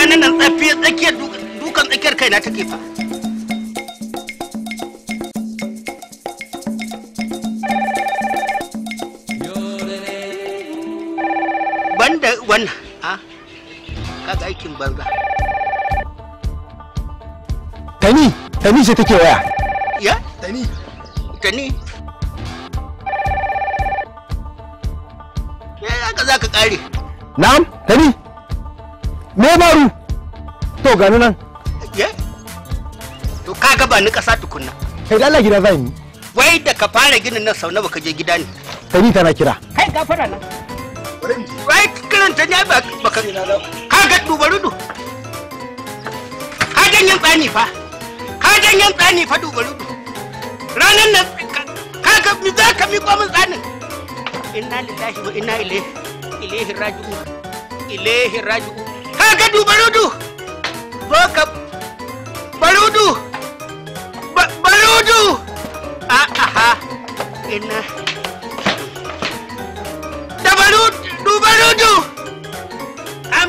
gane nan tsafi tsakiyar dukan tsakiyar kaina take fa banda wannan a kaga aikin banza tani tani ce take waya gani nan to ka ba ni kasa tukunna kai da Allah gida zai ni wai da ka fara ginin nan sau nawa ka je gida ne kai ni tana kira kai gafara nan wai kiran ta ne ba ka ka ga dubarudu ka janyen tsani fa ka janyen tsani fa dubarudu ranan nan ka ga mi za ka mi mun tsani inna lillahi wa inna ilaihi ilaihi raji'un ilaihi raji'un ka ga dubarudu baka ka ba barudu a ah, aha ina da barudu barudu ya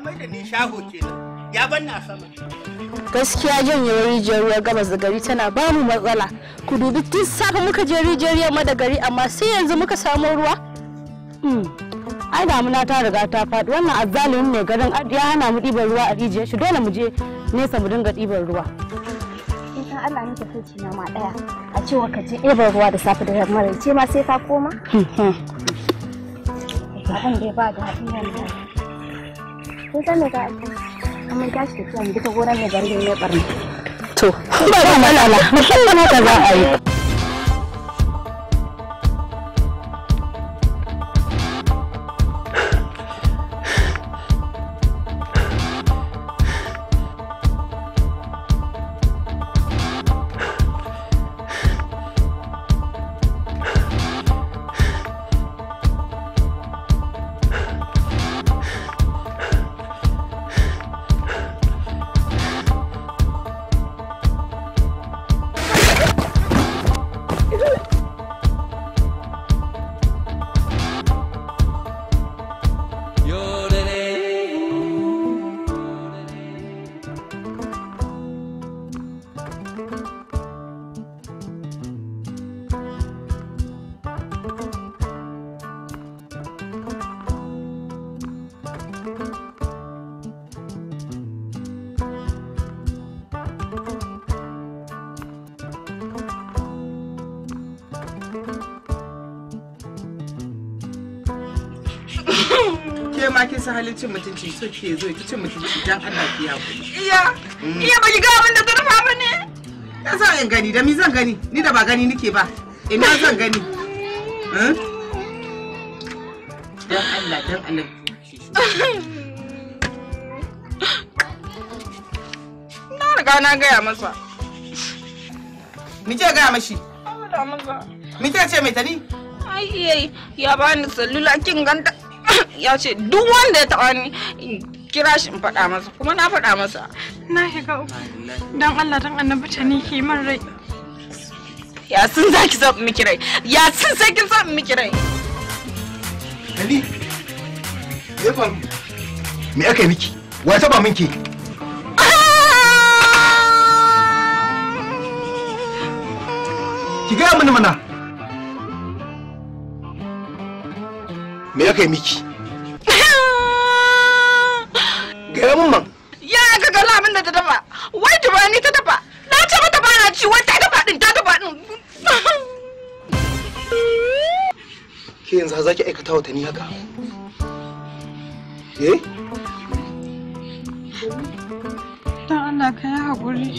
mai da ni shago kenan ya ban na sama gaskiya janyewar rijiyar ruwa gabas da gari tana ba mu matsala ku dubi tun safe muka je rijiyar yamma da gari amma sai yanzu muka samu ruwa hmm. ai damuna ta riga ta faɗi wannan azzalimin mai garin ya hana mu ɗiban ruwa a rijiyar shi dole mu je nesa mu dinga ɗiban ruwa in Allah ne tafi ci ma ɗaya a cewa ka je ɗiban ruwa da safe da yamma ce ma sai ka koma abin da ba da haɗin yanzu za san me ka kamar tashi tafiya mu duka gonar mai garin ne ɓarni to ba da matsala musamman haka za a yi ma kin san halin mutunci so ke zo ki cin mutunci dan Allah ki ya iya mm. iya ba ki ga abin da garma ba ne na sa in gani da mi zan gani ni da ba gani nike ba ina zan gani dan Allah dan Allah na riga na gaya masa mi ce gaya mashi mi ce ce mai tani ai ya bani salula kin ganta ya ce duk wanda ya taɓa ni kira shi in faɗa masa kuma na faɗa masa na shiga uku don Allah don annabi ta ni ke man rai ya sun za ki zaɓi miki rai ya sun sai kin zaɓi miki rai ali me ya faru me aka yi miki wa ta ba minki ki gaya mini mana me aka yi miki umman ya ga ga lamin da ta dafa wai tubani ta dafa na ce mata ba na ci wai ta dafa din ta dafa din ke yanzu za ki aikata wa ni haka eh dan Allah ka yi haƙuri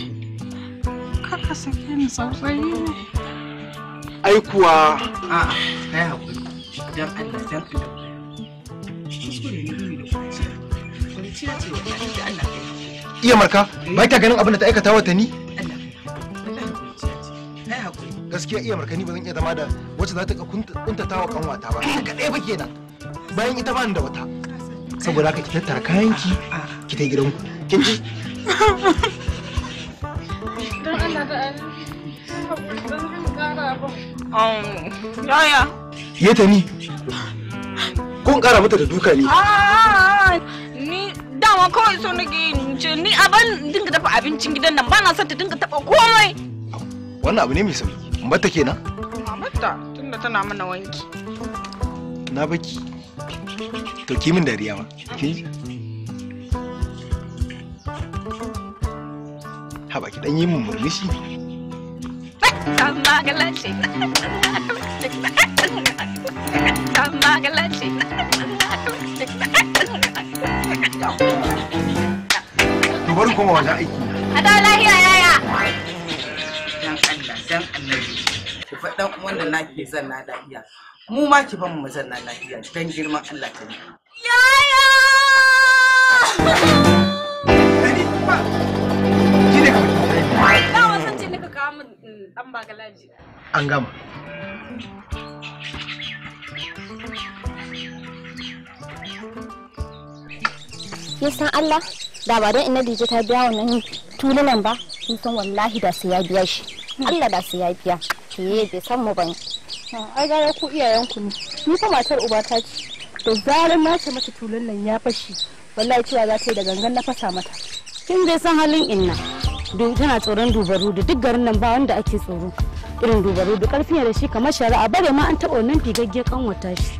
kaka sake ni sausayi ne ai kuwa a ka yi haƙuri dan Allah dan Allah iya marka ba ta ganin abin da ta aikata wata ni gaskiya iya marka ni ba zan iya zama da wacce za ta kuntata wa kanwata ba ka kaɗai ba kenan bayan ita ba ni da wata saboda haka ki tattara kayanki ki ta gidanku kin ji don um, Yaya. Yeta ni. Kun kara mata da duka ne. Ni dama kawai so nake ce ni a ban dinga dafa abincin gidan nan bana son ta dinga taba komai wannan abu ne mai sauki mata kenan mata tunda tana mana wanki na baki to ki min dariya ma Ki. ha baki dan yi min murmushi back and amma galashi To bari wajen aiki. A da lahiya yaya. Dan Allah dan annabi. Ki faɗan wanda na ke zan na lahiya. Mu ma ki mu zan na lahiya dan girman Allah ta Yaya! Mm, dan An gama. ya san Allah da ba don ina dije ta biya wannan tulunan ba sun san wallahi da su ya biya shi Allah da su ya biya ke bai san mu ba ne. ai gara ku iyayen ku ne ni fa matar uba ta ce da zarar na ce mata tulun nan ya fashi wallahi cewa za ta yi da gangan na fasa mata kin dai san halin inna tana tsoron dubaru da duk garin nan ba wanda ake tsoro irin dubaru da karfin da shi kamar shari'a bare ma an taɓa wannan figagge kanwata shi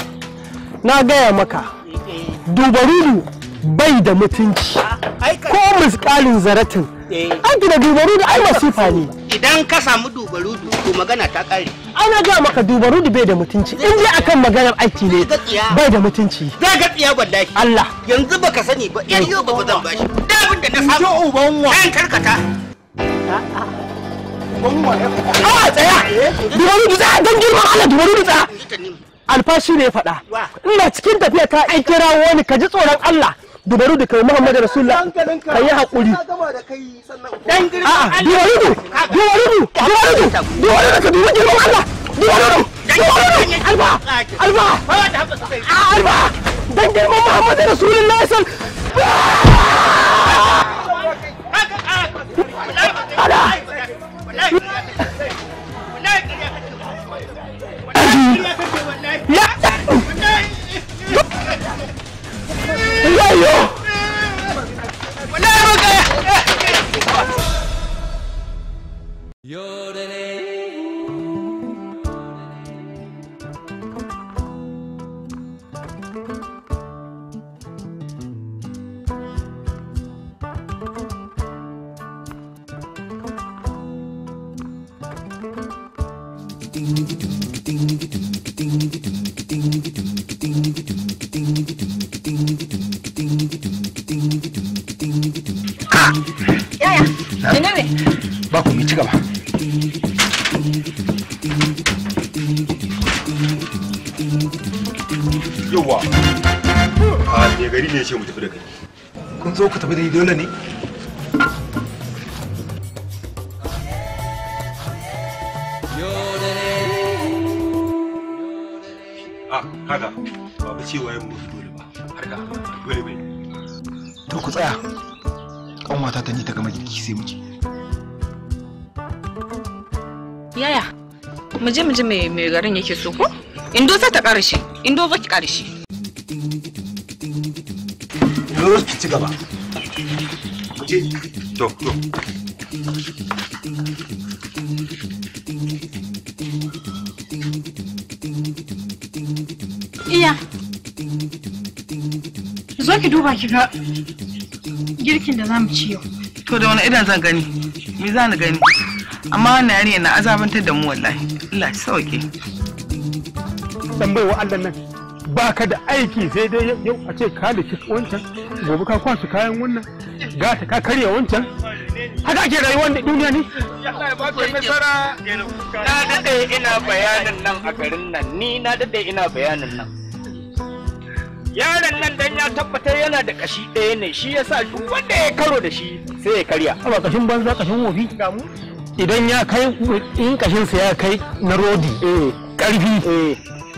na gaya maka dubarudu bai da mutunci ko miskalin zaratin an gina dubarudu ai masifa ne idan ka samu dubarudu to magana ta kare ana gaya maka dubarudu bai da mutunci in dai akan maganar aiki ne bai da mutunci zai ga tsiya wallahi Allah yanzu baka sani ba yan yau ba zan bashi da abin da na samu uban wa kan karkata a'a tsaya eh? dubarudu a don girman Allah dubarudu tsaya alfashi ne ya faɗa ina cikin tafiya ta an kira wani ka ji tsoron Allah dubaru da kai Muhammadu Rasulullah ka yi haƙuri dan girman dubaru dubaru dubaru dubaru ka dubi girman Allah dubaru dubaru alba alba alba dan girman Muhammadu Rasulullah san Ala! 偉いよなあう一 ne ya ce mu tafi da kai kun zo ku tafi da dole ne ah, a ba ba cewa yin mutu dole ba dole bai to ku tsaya ta ni ta gama girki sai yaya mu je mu je mai garin yake so ko indo za ta ƙara indo za ki baro ki ci gaba je to to iya zo ki duba ki ga girkin da zamu ci yau to da wani idan zan gani me za ni gani amma wannan yarinya yana azabantar da mu wallahi Allah ya sauke dan baiwa Allah nan baka da aiki sai dai yau a ce ka da wancan gobe ka kwasu kayan wannan ga ta ka karya wancan haka rayuwa da duniya ne na daɗe ina bayanin nan a garin nan ni na daɗe ina bayanin nan yaron nan dan ya tabbatar yana da kashi ɗaya ne shi yasa duk wanda ya karo da shi sai ya karya ba kashin banza kashin wofi idan ya kai in kashin sa ya kai na rodi karfi eh. Eh.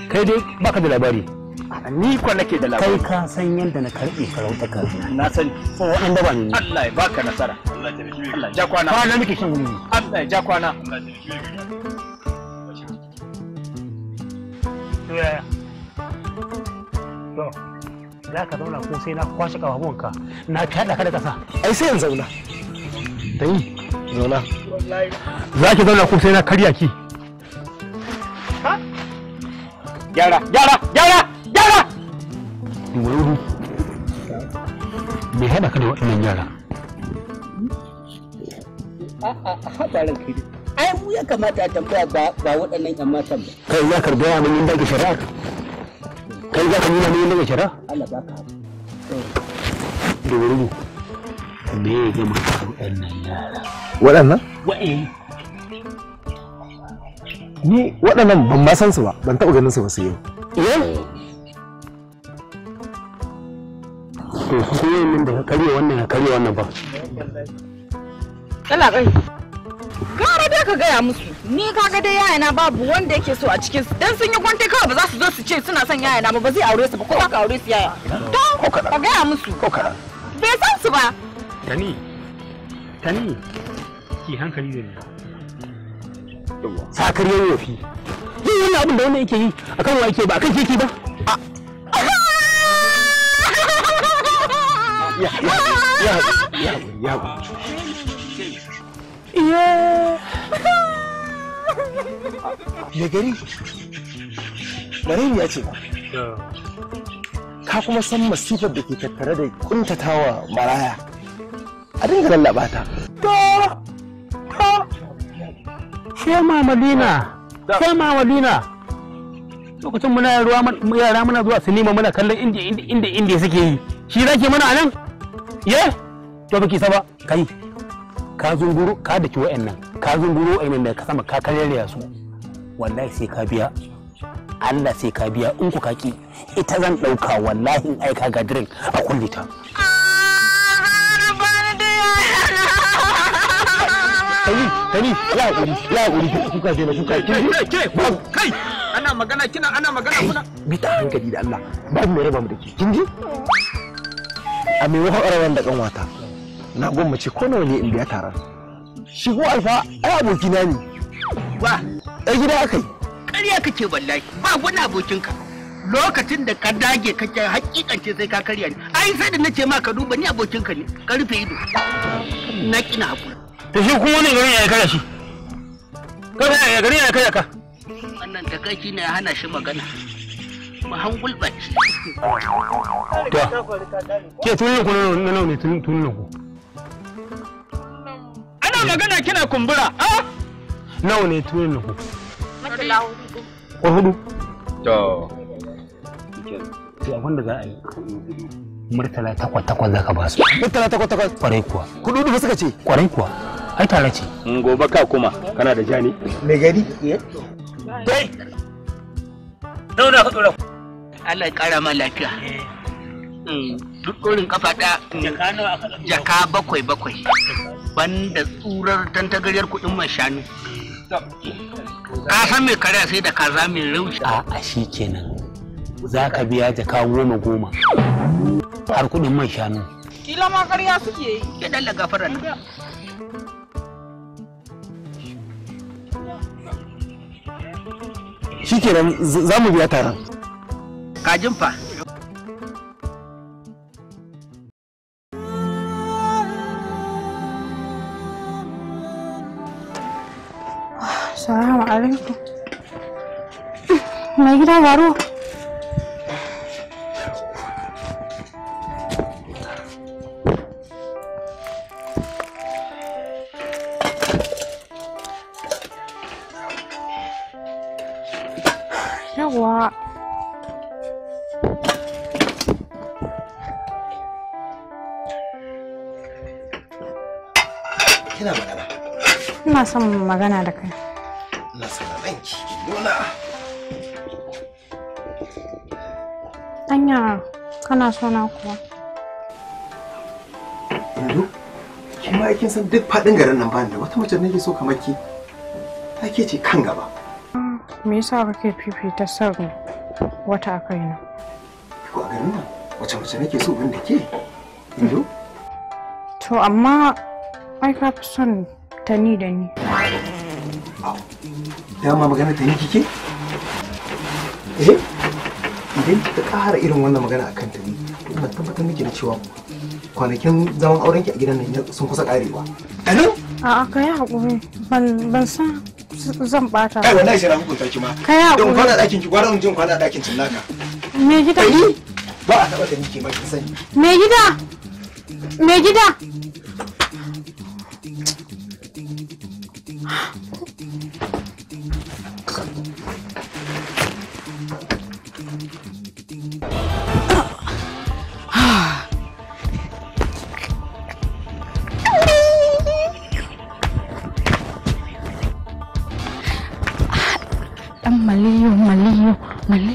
kai dai baka da labari ni kwa nake da labari kai ka san yadda na karbe farauta ka na san so waɗanda ba ni Allah ya baka nasara Allah ya ja ba na muke shan wuni Allah ya ja to ya to za ka zauna ko sai na kwashe kafafuwanka na kaɗa ka da kasa ai sai yan zauna dai zauna za ki zauna ko sai na karya ki gyara gyara gyara wuri me haɗa ka da waɗannan yara haɗarin kai ai mu ya kamata a tambaya ba waɗannan ƴan matan ba kai za ka gaya min yin dage shari'ar kai za ka nuna min yin dage shari'a Allah ba ka da wuri me ya gama waɗannan yara waɗannan ni waɗannan ban ma san su ba ban taɓa ganin su ba su yau to su yi min karye wannan ya karye wannan ba kala kai gara dai ka gaya musu ni kaga dai yayana babu wanda yake so a cikin su dan sun yi kwantai kawai ba za su zo su ce suna son yayana ba ba zai aure su ba ko ka aure su yaya to ka gaya musu ko kana bai san su ba tani tani ki hankali da ni sakar yayi yofi yin wannan abin da wannan yake yi akan wa yake ba akan keke ba ya ya ya ya iya da gari garin ya ce ba ka kuma san masifar da ke tattare da kuntatawa maraya a dinga lallaba ta shema madina shema madina lokacin muna yara muna zuwa sinima muna kallon inda inda inda suke yi shi zake mana a nan? ye to baki saba kai ka zunguru ka daki wa'annan ka zunguru wa'annan da ka sama ka karya su wallahi sai ka biya Allah sai ka biya in ku kaki ita zan ɗauka wallahi in aika ga drink a kullita ta. Tani, tani, ya haƙuri, ya haƙuri, kuka je na kuka ke. Ke, kai, ana magana kina, ana magana kuna. Bita hankali da Allah, ba mu raba mu da ke, kin ji? a maimakon ƙararren da ƙanwata na gwammace ko nawa ne in biya taron shigo alfa ai abokina ne ba ai gida aka yi ƙarya kake wallahi ba wani abokinka lokacin da ka dage kake hakikance sai ka karya ni ai sai da nace ma ka duba ni abokinka ne ka rufe ido na kina hakuri to shi kuma ne garin ya kare shi kada ya garin ya kare ka wannan takaki ne ya hana shi magana mahangul baki ke tunin ku na nau ne tunin ku magana kina kumbura nawa ne tuni na ku ko hudu to to abin da za a yi murtala takwas takwas za ka ba su murtala takwas takwas kwarai kuwa kudu dubu suka ce kwarai kuwa ai tare ce mm, gobe ka kuma kana da jani me gari eh dai daura ka daura Allah ya kara ma lafiya hmm, duk ɗorin kafa ɗaya hmm, jaka bakwai bakwai banda tsurar tantagaryar kuɗin man shanu ka san mai kare sai da kaza mai raushi a shi kenan za ka biya jaka goma goma har kuɗin man shanu kila ma karya suke yi ya dalla gafaran shi kenan za mu biya taron kajin fa Assalamu Mai gida garo. magana da kai. Na sauraron ki, Luna. Anya, kana so na kuwa? Yanzu, ki ma yakin san duk faɗin garin nan bani da wata mace nake so kamar ki. Ta ke ce kan gaba. Ah, me yasa kake fifita son wata a kaina? Ko a garin nan, wace mace nake so ban da ke? Indo? To amma ai ka fi son ta ni da ni. dama magana ta yi kike eh idan ta ƙara irin wannan magana akan ta ne to ina tabbatar miki da cewa kwanakin zaman aurenki a gidan nan sun kusa karewa anan a'a kai hakuri ban ban san zan bata kai wallahi sai na hukunta ki ma kai hakuri don kwana dakin ki gwara jin kwana dakin naka. me gida ni ba a taɓa da nike ma kin sani me gida me gida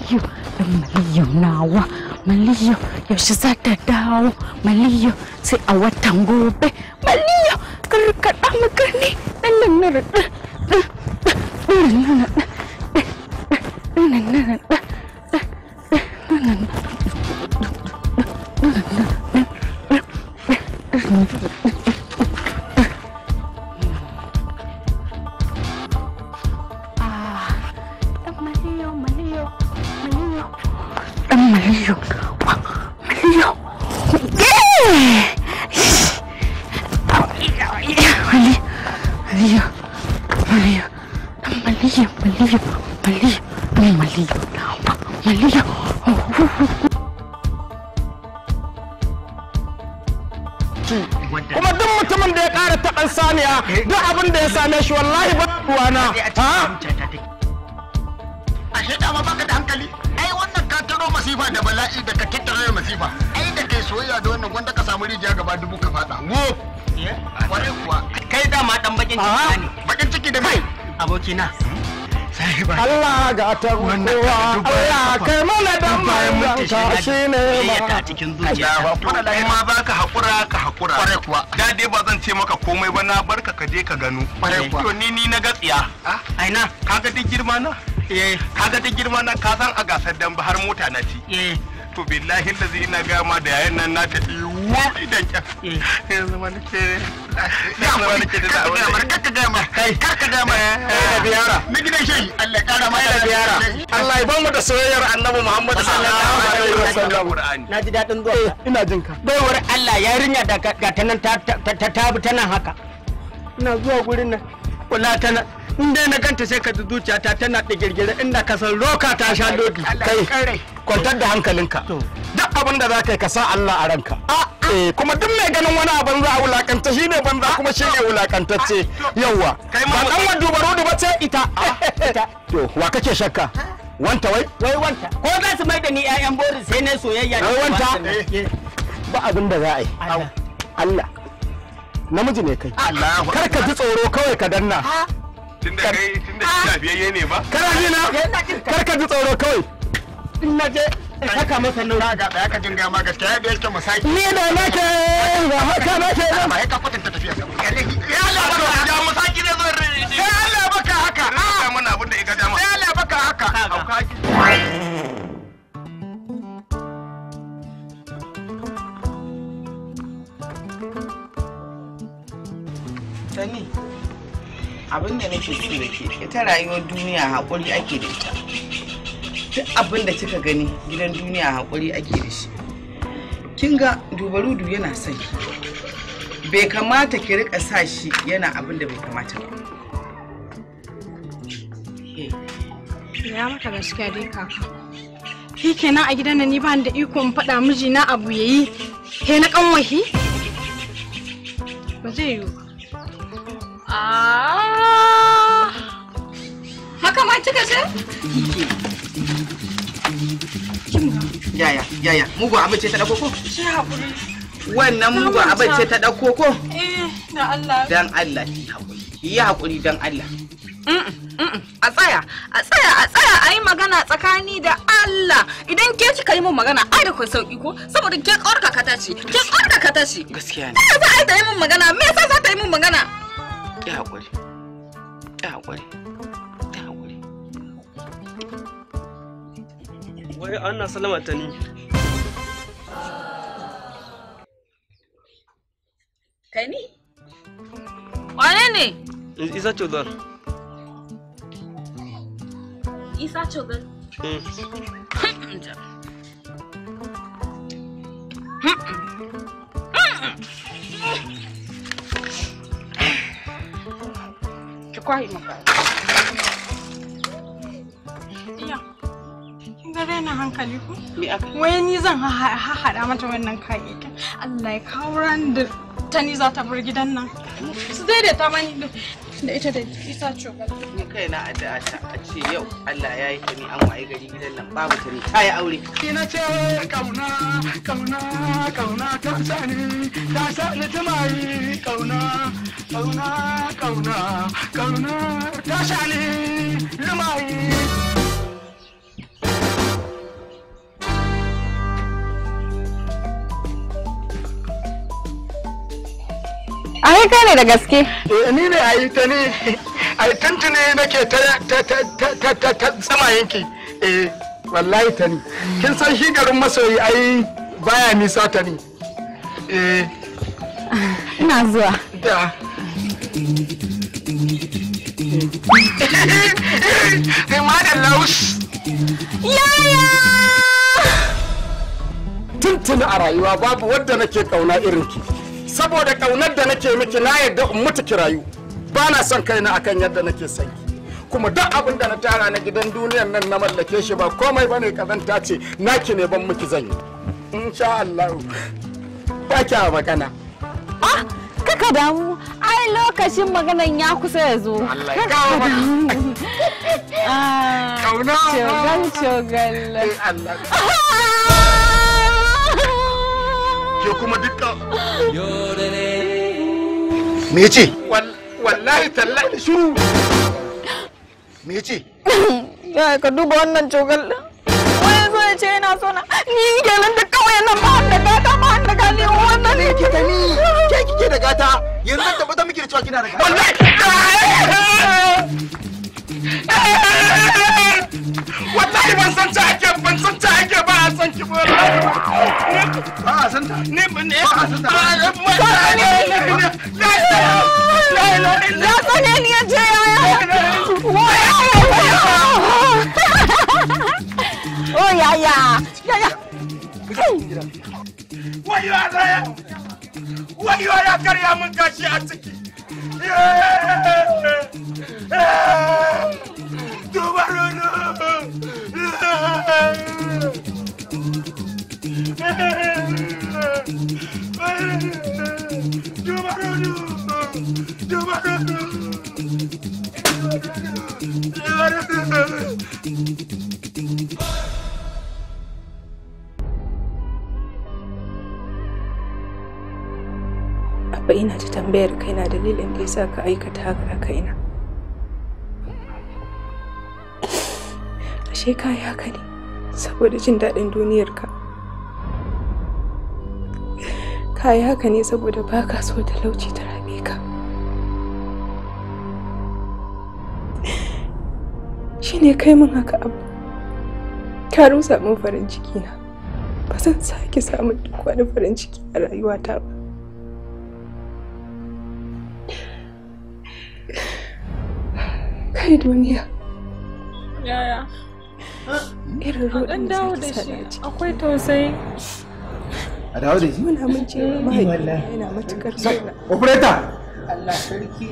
maliyu ɗan maliyu nawa maliyu yaushe za ta dawo maliyu sai a watan gobe maliyu karkaɗa kuma duk mutumin da ya ƙara taɓar saniya duk abin da ya same shi wallahi ba ruwana ha bakin ciki Allah ga ta ruwa Allah kai mana dan bayan ka shi ne ma cikin zuciya kai ma baka hakura ka hakura kuwa da dai ba zan ce maka komai ba na barka ka je ka gano kuwa to ni ni na gatsiya aina kaga duk girma na eh kaga duk girma na ka san a gasar dan har mota na ci eh to billahi lazi ina gama da yayin nan na ta ka da Allah da ya ba mu da soyayyar Annabi sallallahu alaihi na ji zuwa ina jin ka baiwar Allah da ga ta nan ta ta bi haka ina zuwa gurin nan in dai na ganta sai ka zuciyata tana da inda ka san roka ta sha lodi kwantar da hankalinka duk abin da za ka yi ka sa Allah a ranka eh, kuma duk mai ganin wani abin za a wulakanta shi ne banza kuma shi ne wulakantacce yawwa ba dan wa dubaru ba ce ita to wa kake shakka wanta wai wai wanta ko za su mai da ni ƴaƴan bori sai na soyayya ne wanta ba abin da za a yi Allah namiji ne kai kar ka ji tsoro kawai ka danna tunda kai tunda shafiyayye ne ba na kar ka ji tsoro kawai in na je in saka masa nau. ga da ka jinga ma gaskiya ya Ni da nake ba haka nake ba. Ba tafiya ka. Ya Allah ne zan Ya Allah baka haka. mana abin da ya Ya Allah baka haka. Sani, abin da nake so da ke ita rayuwar duniya haƙuri ake da ita. duk abin da kika gani gidan duniya haƙuri ake da shi kin ga dubarudu yana son bai kamata ki rika sa shi yana abin da bai kamata ba ya maka gaskiya dai kaka shi kenan a gidan ni ba da iko in faɗa mijina abu yayi ke na kanwahi ba zai yiwu ba ah! haka ma kika ce yaya yaya mugu abin ce ta dauko ko shi hakuri wannan mugu abin ce ta dauko ko eh na Allah dan Allah ki hakuri yi hakuri dan Allah a tsaya a tsaya a tsaya a yi magana tsakani da Allah idan ke kika yi mun magana ai da kai sauki ko saboda ke ƙawarka ka tashi ke ƙawarka ka tashi gaskiya ne za a yi ta yi mun magana me yasa za ta yi mun magana ki hakuri ki hakuri wai ana salama ta ni tani wane ne isa chodar isa chodar ki kwaye maka Zare na hankali ku? Wai ni zan haɗa mata wannan kayayyakin. Allah ya kawo ran da ta ni za ta bar gidan nan. Su daidaita mani da ita da isa Ni kai na addu'a ta a ce yau Allah ya yi an waye gari gidan nan babu ta ni ta yi aure. na ce kauna kauna kauna ta sa ni ta sa ni kauna kauna kauna kauna ta sa ni ai ka ne da gaske eh, ni ne ai ta ne ai tuntuni nake ta ta ta ta yanki eh wallahi ta ni kin san shi garin masoyi ai baya nisa ta ni eh ina zuwa da Tuntuni a rayuwa babu wadda nake ƙauna irin ki. saboda kaunar da nake miki na yadda in mutu kirayu rayu ba na son kaina akan yadda nake son ki kuma duk abin da na tara na gidan duniyan nan na mallake shi ba komai bane kazanta ce naki ne ban miki zan yi insha Allah ba kya magana ah kaka damu ai lokacin maganan ya kusa ya zo ah, kauna cogal eh, Allah ke kuma dukkan me ce wallahi tallahi shiru me ce ya ka duba wannan cogal din wani zo ya ce yana so na ni kenan da kawai nan ba da gata ba da gani wannan ne ke da ni ke kike da gata yanzu zan tabbata miki da cewa kina da gata wallahi wallahi ban san ta ake ban san ta ake ba a san ki ba ba a san ta ne ne ba a san ta ba a san ta ya tsane ni ya je ya ya oh ya ya ya ya wayo ya wayo ya karya mun gashi a ciki Dubaru Abba ina ta tambayar kaina dalilin da ya sa ka aikata haka a kaina. Ashe ka yi haka ne. saboda jin daɗin duniyarka ka yi haka ne saboda ba ka so lauci ta rabe ka shi ne kai min haka abu ka rusa min farin ciki na ba zan sake samun duk wani farin ciki a rayuwata ba kai duniya yaya yeah, irin rodin da zaki sada akwai tausayi a dawo da shi muna mun ce eh, mahaifi yana matukar sona operator Allah sarki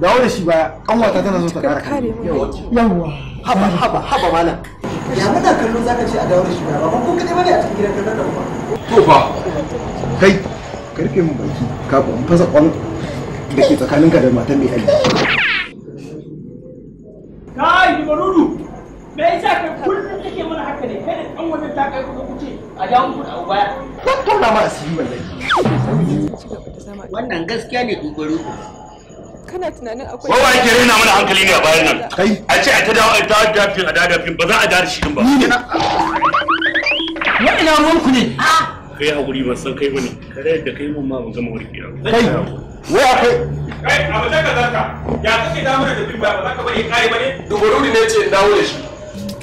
dawo da shi baya kanwata tana zo ta kara kare yawa haba haba haba malam ya muna kallo ka ce a dawo da shi baya ba ko kade bane a cikin gidan kallon da ba to fa kai karfe mun baki kafin fasa kwan da ke tsakaninka da matan mai aiki an wannan ta kai kuma kuce a ja muku da baya kan tona ma asiri wallahi wannan gaskiya ne dubaro kana tunanin akwai wawa yake rena mana hankali ne a bayan nan kai a ce a ta dawo a ta dafin a dafin ba za a dawo shi din ba ni ne wa'ina ruwan ku ne ah! kai hakuri ban san kai bane kare da kai mun ma ban gama warkiya kai wai akai kai abu da ka zarka ya kake da mana da bin ba ba za ka bari kai bane dubaro ne ce dawo da shi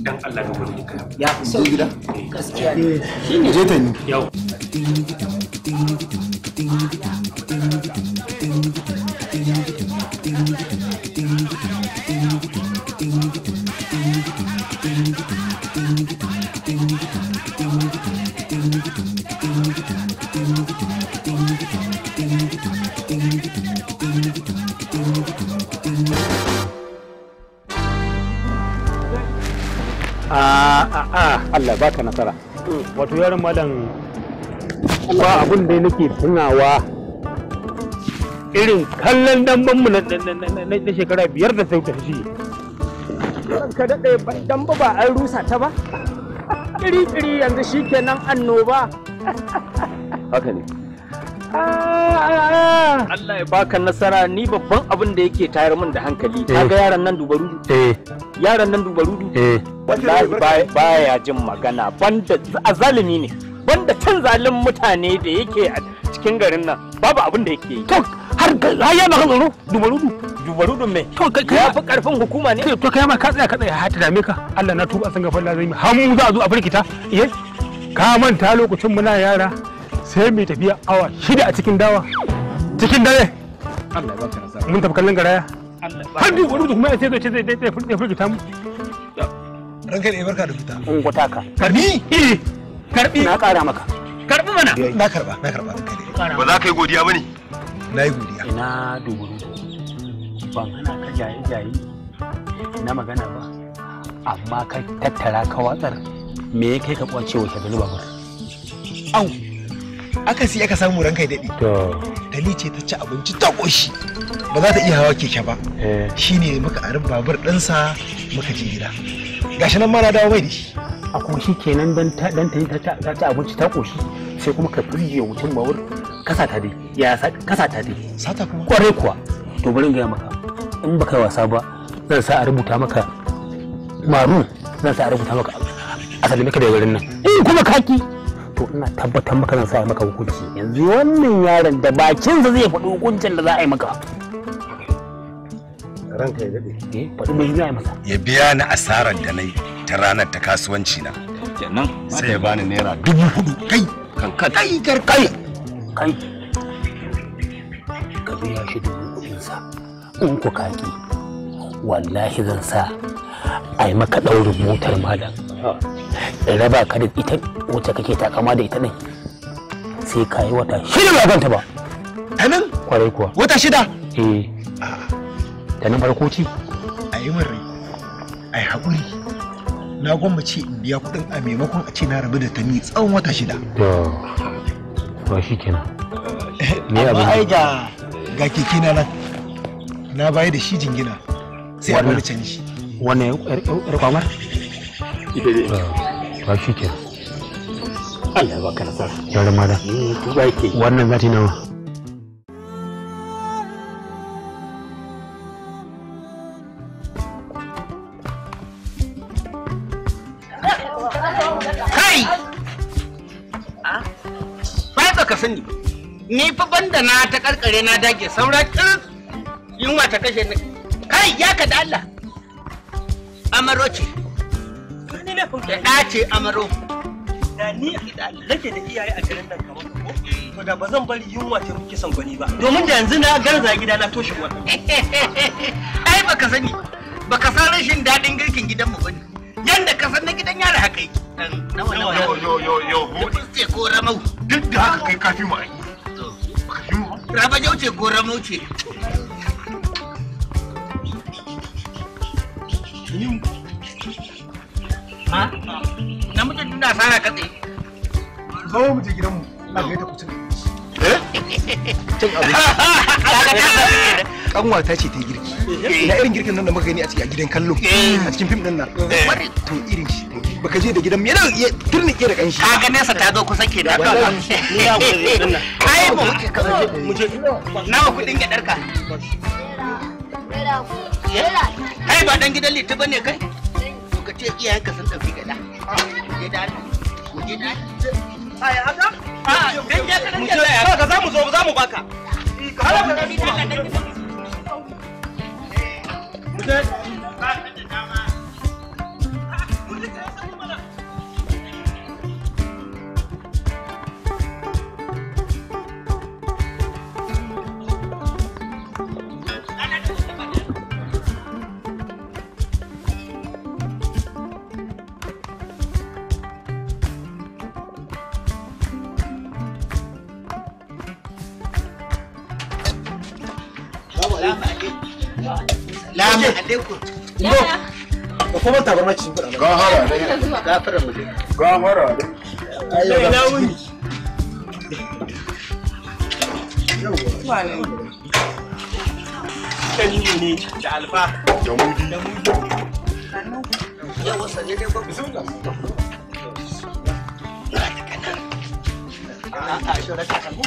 dan Allah gurin ka ya so gaskiya ne je ta ni yau Thank you. Allah ba ka nasara wato yaron malam ba abin da nake tunawa irin kallon dambanmu na shekara biyar da sai shi ka daɗe damba ba an rusa ta ba ƙiri-ƙiri yanzu shikenan annoba haka ne Allah ya baka nasara ni babban abin da yake tayar min da hankali kaga eh. yaran nan dubarudu eh. yaran nan dubarudu eh. wallahi baya jin magana banda azalimi ne banda can zalim mutane da yake a cikin garin nan babu abin da yake yi har har yana kan tsaro dubarudu dubarudu me to kai ya fi karfin hukuma ne to kai ma ka tsaya ka tsaya ha ta dame ka Allah na tuba san gafar lazimi har mu za a zo a firkita eh ka manta lokacin muna yara sai mai tafiya awa shida a cikin dawa cikin dare mun tafi kallon garaya har duk wani kuma sai zai ce zai daidai fulɗe fulɗe ta mu ranka ne barka da fita in gwata ka karbi eh. karbi na kara maka karbi mana na karba na karba ranka ne ba za ka yi godiya ba ne na yi godiya ina dogoro ban hana ka jaye jaye na magana ba amma ka tattara ka watsar me ya kai ka kwace wa shagali babur au aka siya ka samu ranka daɗi dali ce ta ci abinci ta ƙoshi ba za ta iya hawa keke ba eh. shine muka arin babur ɗansa muka je gida gashi nan ma na dawo mai da shi a ƙoshi kenan dan ta dan ta ta ci abinci ta ƙoshi sai kuma ka firje mutum babur kasa ta dai ya kasa ta dai sata kuma ƙwarai kuwa to bari in gaya maka in baka wasa ba zan sa a rubuta maka marun zan sa a rubuta maka asali maka da wurin nan in kuma kaki to ina tabbatar maka zan sa maka hukunci yanzu wannan yaron da bakinsa zai faɗi hukuncin da za a yi maka ranka ya daɗe eh, faɗi mai zai masa ya biya ni asarar da na yi ta ranar ta kasuwanci na kenan sai ya bani naira dubu hudu kai kan kai kar kai kai ka biya shi dubu sa, in ku kaki wallahi zan sa a yi maka ɗaurin motar malam raba ka da ita wacce kake takama da ita ne sai ka yi wata shida ba ganta ba ta nan kwarai kuwa wata shida eh da nan farko ci a yi min rai a yi haƙuri na ci in biya kuɗin a maimakon a ce na rabu da ta ni tsawon wata shida to shi kenan ni abin ai ga ga keke na nan na bayar da shi jingina sai a bari shi. wannan yar kwamar Ah, ba shi ke Allah ya baka nasara eh, wannan zati nawa kai bai ah, ka sani ni fa banda na ta karkare na dage saura kirs yunwa ta kashe ni kai ya ka da Allah amaro Ni ne kun kai. Da ce amaro. Da ni da nake da iyaye a garin nan kamar ko. To da ba zan bari yunwa ta muke son gwani ba. Domin da yanzu na garza gida na toshe wannan. Ai baka sani. Baka san rashin daɗin girkin gidanmu ba ne. Yanda ka san na gidan yara haka yake. Nawa nawa. Yo yo yo yo. Duk ko ramau. Duk da haka kai kafi mu ai. Raba jauce ko ramau ce. namijin duna sa ya katse zo mu je gidanmu na gaita ku cin abinci eh? cin abinci kanwa ta ce ta girki eh. Ina irin girkin nan da muka gani a cikin gidan kallo eh. a cikin fim din nan to irin shi baka je da gidan yana turnike da kanshi ka ganin sa ta zo kusa ke da ka ni ya gudu din nan kai mu mu je nawa kudin gadar ka kai ba dan gidan litti bane kai je iyayen ka sun ɗauki gada ah, je ah, da je da haka a ya da ka za zo za baka kala ka da ni da ni Salamu alaikum. Ka kuma tabarma cikin mu na wuni. ne da alfa. Da mudi. Da mudi.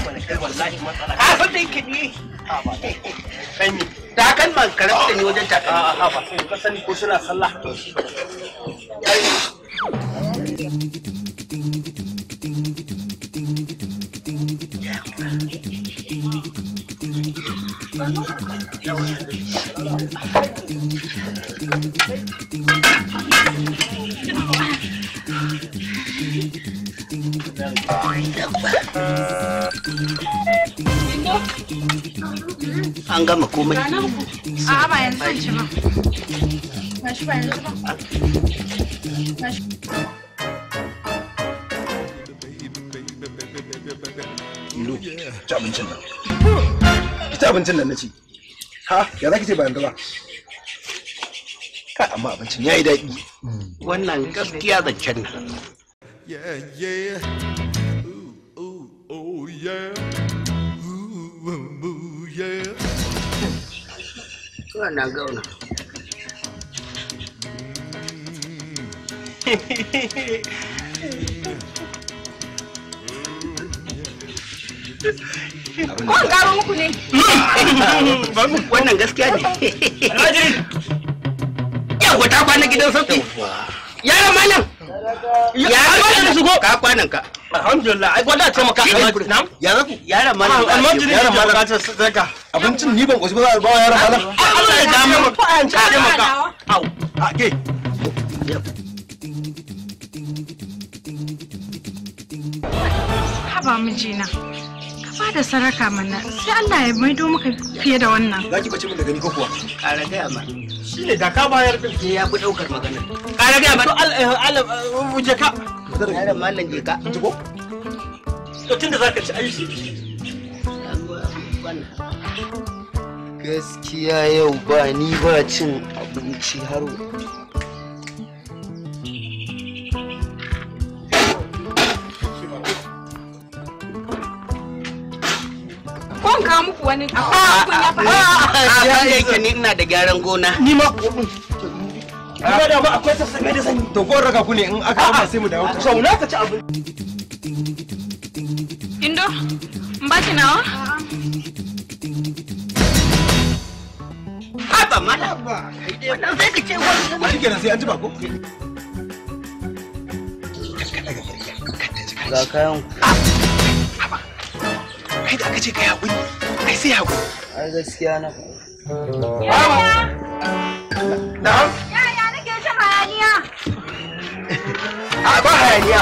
sanye A fa dai kini. takalman karanta ne wajen takalman. A'a ba, ka sani ko suna sallah. an gama komai a ba yanzu ba Ilu, ci abincin nan. Ci abincin nan na ci. Ha, ya za ki ce amma abincin ya yi daɗi. Wannan gaskiya zancen nan. Yeah, yeah. Ooh, ooh, oh, yeah. Ooh, ooh, yeah. Sure, now go now. Kwan ne? Wannan gaskiya ne. Alhaji! ta kwana gidan sauki. Yaran malam! Yaran malam shigo! Ka kwanan ka. Alhamdulillah, ai gwada ce maka. Yaran malam. Yaran malam. Yaran malam. abincin ni ban kwashi ba za a bawa yaran malam ah, Allah ya dama a ko an kare ka au a ah, ke haba mijina ka ba da saraka mana sai Allah ya maido maka fiye da wannan za ki bace min da gani ko kuwa kare ga ma shine da ka bayar din ke ya fi daukar magana kare ga ma to Allah eh, eh, je ka da mallan je ka to tunda zaka ci aiki gaskiya yau ba ni ba cin abinci har Kun ka muku wani ya ah, ah, ah, yake ni ina da gyaran gona. Ni ma da da in aka sai mu dawo. na ka ci Indo, nawa? haba mala wannan zai wani kenan sai an ko ga kayan ku ah! kai da aka ce kai ai sai ai gaskiya na na'am yaya nake shan hayaniya a ah, ba hayaniya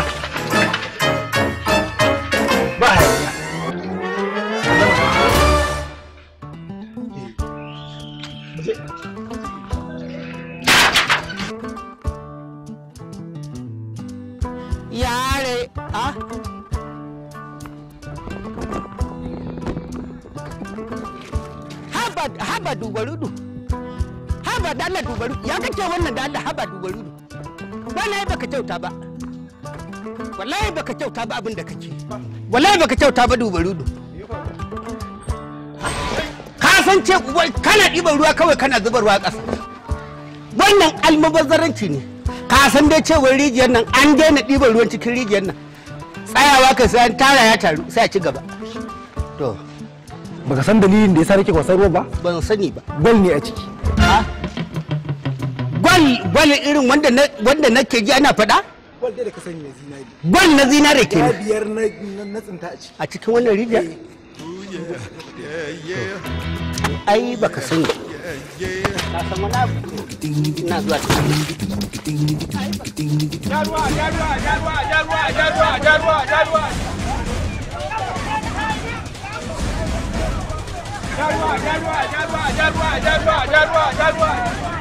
baka kyauta ba abin da kake wallahi baka kyauta ba rudu ka san ce kana ɗiban ruwa kawai kana zubarwa ƙasa wannan almubazzaranci ne ka san dai ce cewar rijiyar nan an daina ɗiban ruwan cikin rijiyar nan tsayawa kai sai an tara ya taru sai a ci gaba to baka san dalilin da yasa nake kwasan ruwa ba ban sani ba gwal ne a ciki gwal gwal irin wanda nake ji ana faɗa gwal da ka sani na zinari gwal na zinari ke ne biyar na tsinta a ciki a cikin wannan rijiya eh. ai ka sani ka san wani abu jaruwa jaruwa jaruwa jaruwa jaruwa jaruwa jaruwa jaruwa jaruwa jaruwa jaruwa jaruwa jaruwa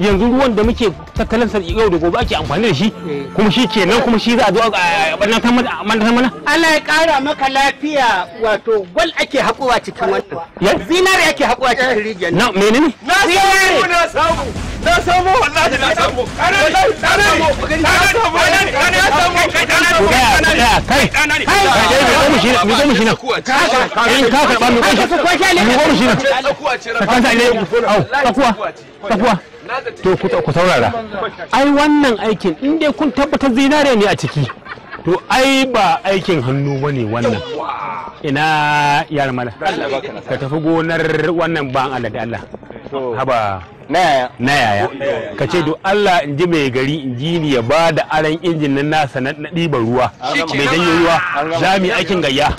yanzu ruwan da muke tattalin sarki yau da gobe ake amfani da shi kuma shi nan kuma shi za a zo a ɓarnatar mana. Allah ya ƙara maka lafiya wato gwal ake haƙowa cikin wannan. Zinari ake haƙowa cikin rijiyar. Na ne? Na samu na samu. Na samu wallahi na samu. Kana na samu. Kana na samu. Kana na samu. Kana na samu. Kana na samu. Kai. Kai. Kai. Mu zo mu shi nan. In ka karɓa mu zo mu shi nan. Ka sa ile. Au. Takuwa. Takuwa. to ku saurara ai wannan aikin in dai kun tabbatar zinare ne a ciki to ai ba aikin hannu ba ne wannan ina yar mala ka tafi gonar wannan ban Allah da Allah haba na yaya ka ce do Allah in ji mai gari injini ya ba da aran injin nan nasa na ɗiba ruwa mai danyo ruwa za aikin gayya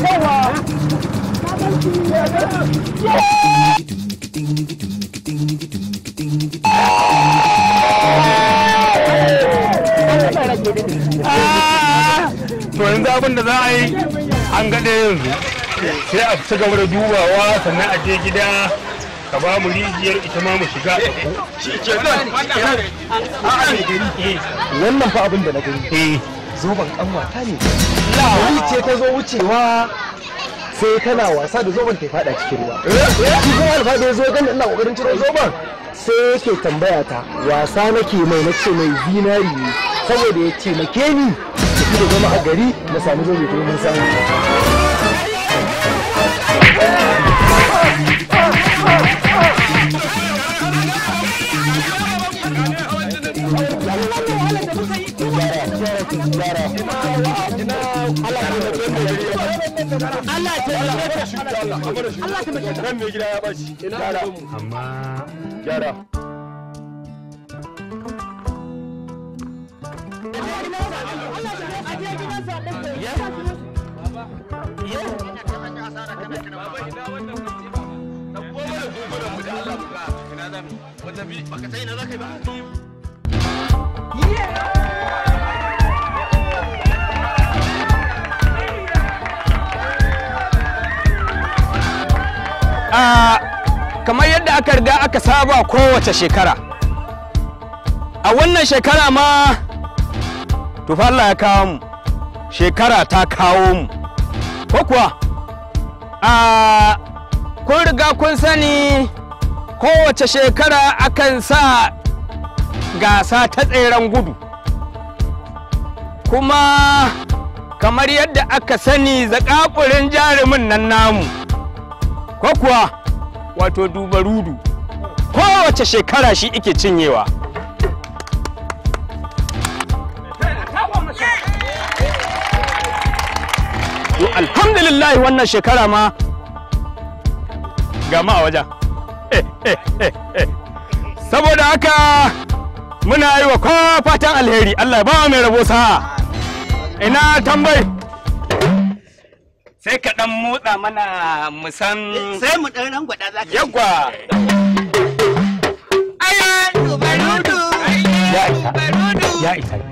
Yawa! to yanzu abin da za a yi an gaɗe yanzu sai a ci gaba da dubawa sannan a je gida ka ba mu rijiyar ita ma mu shiga wannan fa abin da na gani eh. zoban kanwa ta ne ce ta zo wucewa sai kana wasa da zoban ta fada cikin ruwa shi kuma alfado zo gani ina kokarin ciro zoban sai yake tambaya ta wasa nake mai nace mai zinari ne saboda ya ce make ni ki da zama a gari na samu zobe to mun samu Allah ya taimake ka. Allah ya gida ya bashi. Gyara. Amma gyara. Yeah! aka riga aka saba kowace shekara a wannan shekara ma tufalla ya kawo mu shekara ta kawo mu ko kuwa a kun riga kun sani kowace shekara akan sa gasa ta tseren gudu kuma kamar yadda aka sani zakakurin jarumin nan namu ko kuwa wato dubarudu kowace shekara shi ike cinyewa to alhamdulillah wannan shekara ma gama a wajen eh, eh, eh, saboda haka muna yi wa kowa fatan alheri allah ba mai rabo sa'a ina tambayi sai ka dan motsa mana musan sai mu dan rangwada za ka yagwa aya ya isa ya isa da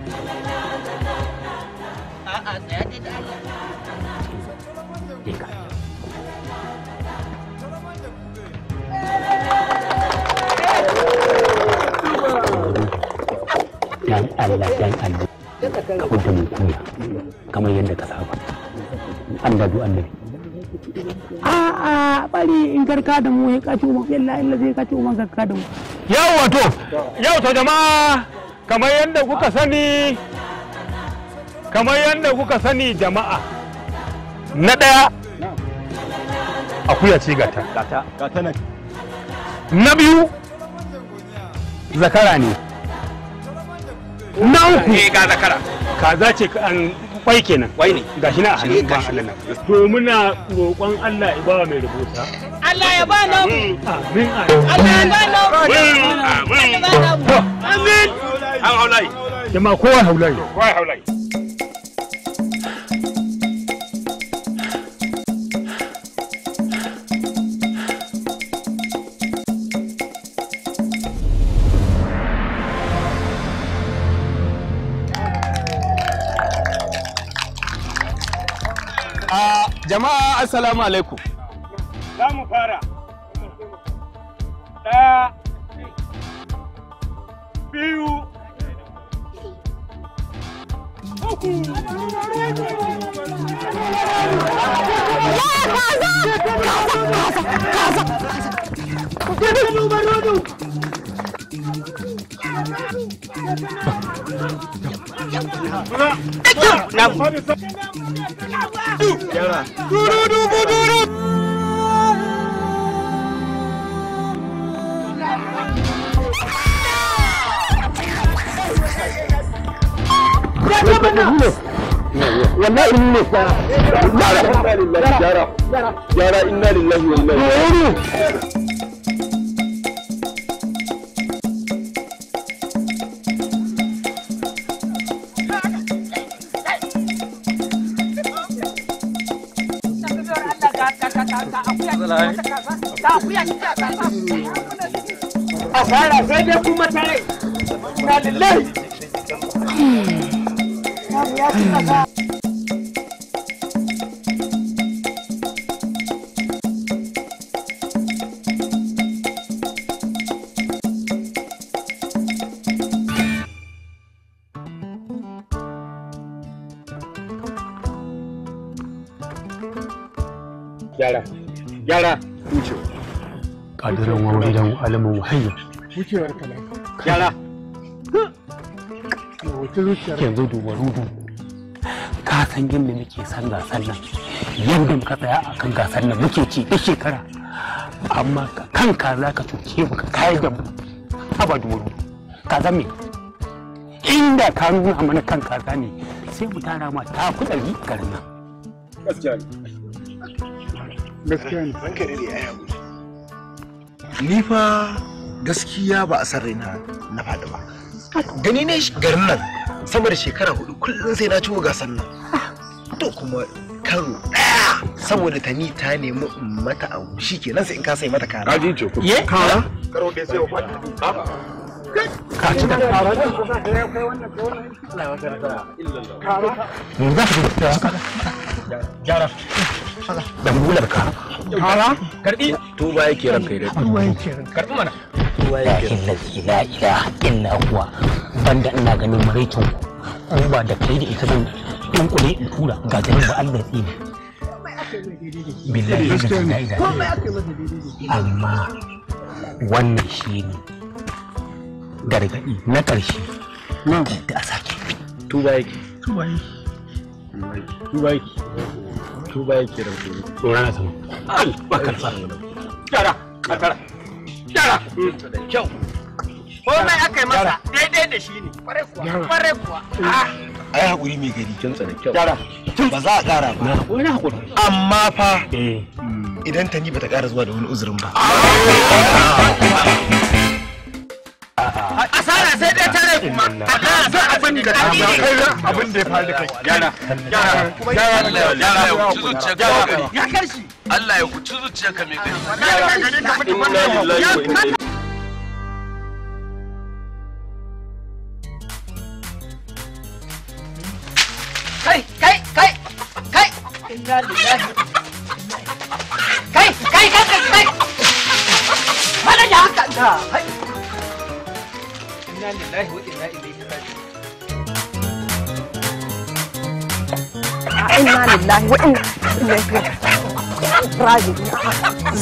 Allah dan Allah ka kuya kamar yadda ka saba annabi a'a bari in karka da mu ya kaci umar illa zai kaci umar da mu yau wato yau jama'a kamar yadda kuka sani kamar yadda kuka sani jama'a na daya akuya ce gata gata na na biyu zakara ne na uku eh, ga zakara kaza ce an kwai kenan kwai ne shi na a hannun Allah na to muna roƙon Allah ya bawa mai rubuta Allah ya ba mu amin Allah ya ba mu amin amin an haulayi jama'a kowa haulayi kowa haulayi jama'a assalamu alaikum za mu fara ɗaya biyu uku kaza kaza kaza kaza wallahi ne gyara gyara gyara inna lillahi asara sai dai kuma tare na lillahi hmm. qadiran wa muridan wahayya wucewar yara duba rudu ka muke san gasar nan yadda muka tsaya a muke ci duk shekara ka cuce mu da mu haba inda ka nuna mana kan ne sai mu tara ma ta garin nan ni fa gaskiya ba a san raina na faɗi ba gani ne garin nan sama shekara hudu kullum sai na ci gasar nan to kuma kan saboda ta ta nemi mata a shi ke nan sai in ka sai mata kara kaji ce ku kara karo da sai ka ci da kara ne kara kara za ka ta da bular ka tuba yake ranka idan tuba yake ranka karbi mana tuba yake la ilaha banda ina ganin maraicin ku ba da kai da ita zan in in tura ga ba Allah tsini billahi amma wannan na da a sake tuba yake tuba yake tuba yake tuba yake da mutum tsoron na sama albakar sa yara katara yara kyau komai aka yi masa daidai da shi ne kwarai kuwa kwarai kuwa mm. a ah. yi haƙuri mai gari kinsa da kyau yara ba za a ƙara ba wani haƙuri amma fa eh. idan ta ni ba ta ƙara zuwa da wani uzurin ba ah, ah, za a sani da kama abin da ya faru da kai gyara gyara gyara gyara ya zuciya ka gari ya karshi Allah ya ku zuciya ka mai gari ya karshi ya kai kai kai kai inna lillahi kai kai kai kai kai mana ya da inna lillahi wa inna ilaihi raji'un inna lillahi wa inna ilaihi raji'un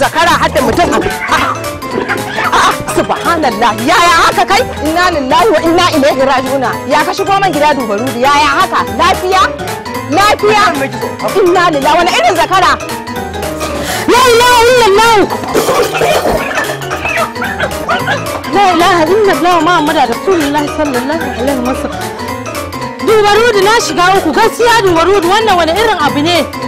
zakara hadda mutum a subhanallah yaya haka kai inna lillahi wa inna ilaihi raji'un ya ka shigo man gida dubaru yaya haka lafiya lafiya inna lillahi wani irin zakara la ilaha la ilaha illallah muhammadu rasulullahi sallallahu alaihi wasallam dubarudu na shiga uku gaskiya dubarudu wannan wani irin abu ne